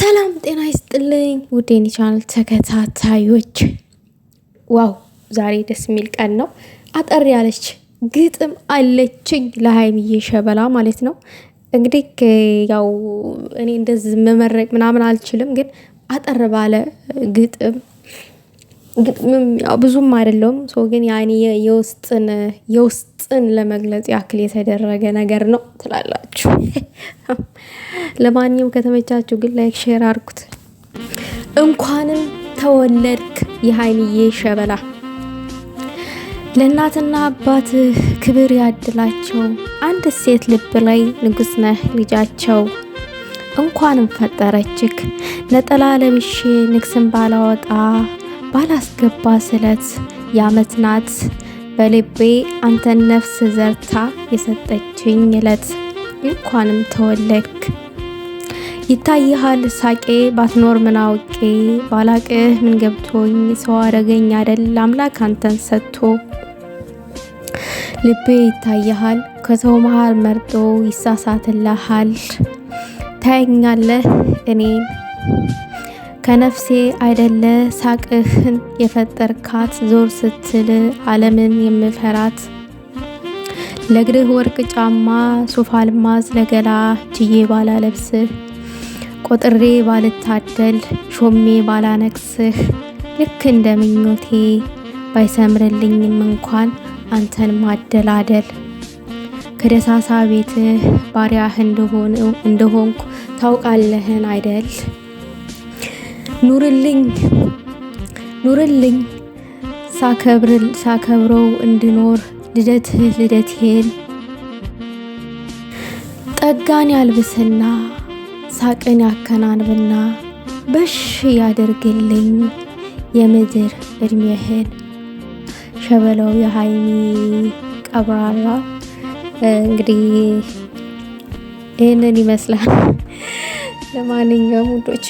ሰላም ጤና ይስጥልኝ ውዴን ቻናል ተከታታዮች፣ ዋው ዛሬ ደስ የሚል ቀን ነው። አጠር ያለች ግጥም አለችኝ ለሀይሚዬ ሸበላ ማለት ነው። እንግዲህ ያው እኔ እንደዚህ መመረቅ ምናምን አልችልም፣ ግን አጠር ባለ ግጥም ብዙም አይደለውም ሰው ግን ያኔ የውስጥን የውስጥን ለመግለጽ ያክል የተደረገ ነገር ነው ትላላችሁ። ለማንኛውም ከተመቻችሁ ግን ላይክ ሼር አርኩት። እንኳንም ተወለድክ የሀይሚዬ ሸበላ። ለእናትና አባት ክብር ያድላቸው። አንድ ሴት ልብ ላይ ንጉስ ነህ ልጃቸው። እንኳንም ፈጠረችክ ነጠላ ለብሼ ንግስን ባላወጣ ባላስገባ ስለት የአመት ናት በልቤ አንተን ነፍስ ዘርታ የሰጠችኝ እለት እንኳንም ተወለክ ይታይሃል ሳቄ ባትኖር ምናውቄ ባላቅህ ምን ገብቶኝ ሰው አረገኝ አደል አምላክ አንተን ሰጥቶ ልቤ ይታይሃል ከሰው መሃል መርጦ ይሳሳትልሃል ታየኛለህ እኔ ከነፍሴ አይደለ ሳቅህን የፈጠርካት ዞር ስትል ዓለምን የምፈራት ለእግርህ ወርቅ ጫማ ሱፍ አልማዝ ለገላ ችዬ ባላለብስህ ቆጥሬ ባልታደል ሾሜ ባላነግስህ ልክ እንደ ምኞቴ ባይሰምርልኝም እንኳን አንተን ማደላደል ከደሳሳ ቤትህ ባሪያህ እንደሆንኩ ታውቃለህን አይደል? ኑርልኝ ኑርልኝ ሳከብረው እንድኖር ልደትህ ልደቴን ጠጋን ያልብስና ሳቅን ያከናንብና በሽ ያደርግልኝ የምድር እድሜህን ሸበለው የሀይሚ ቀብራራ እንግዲህ ይህንን ይመስላል። ለማንኛውም ውዶች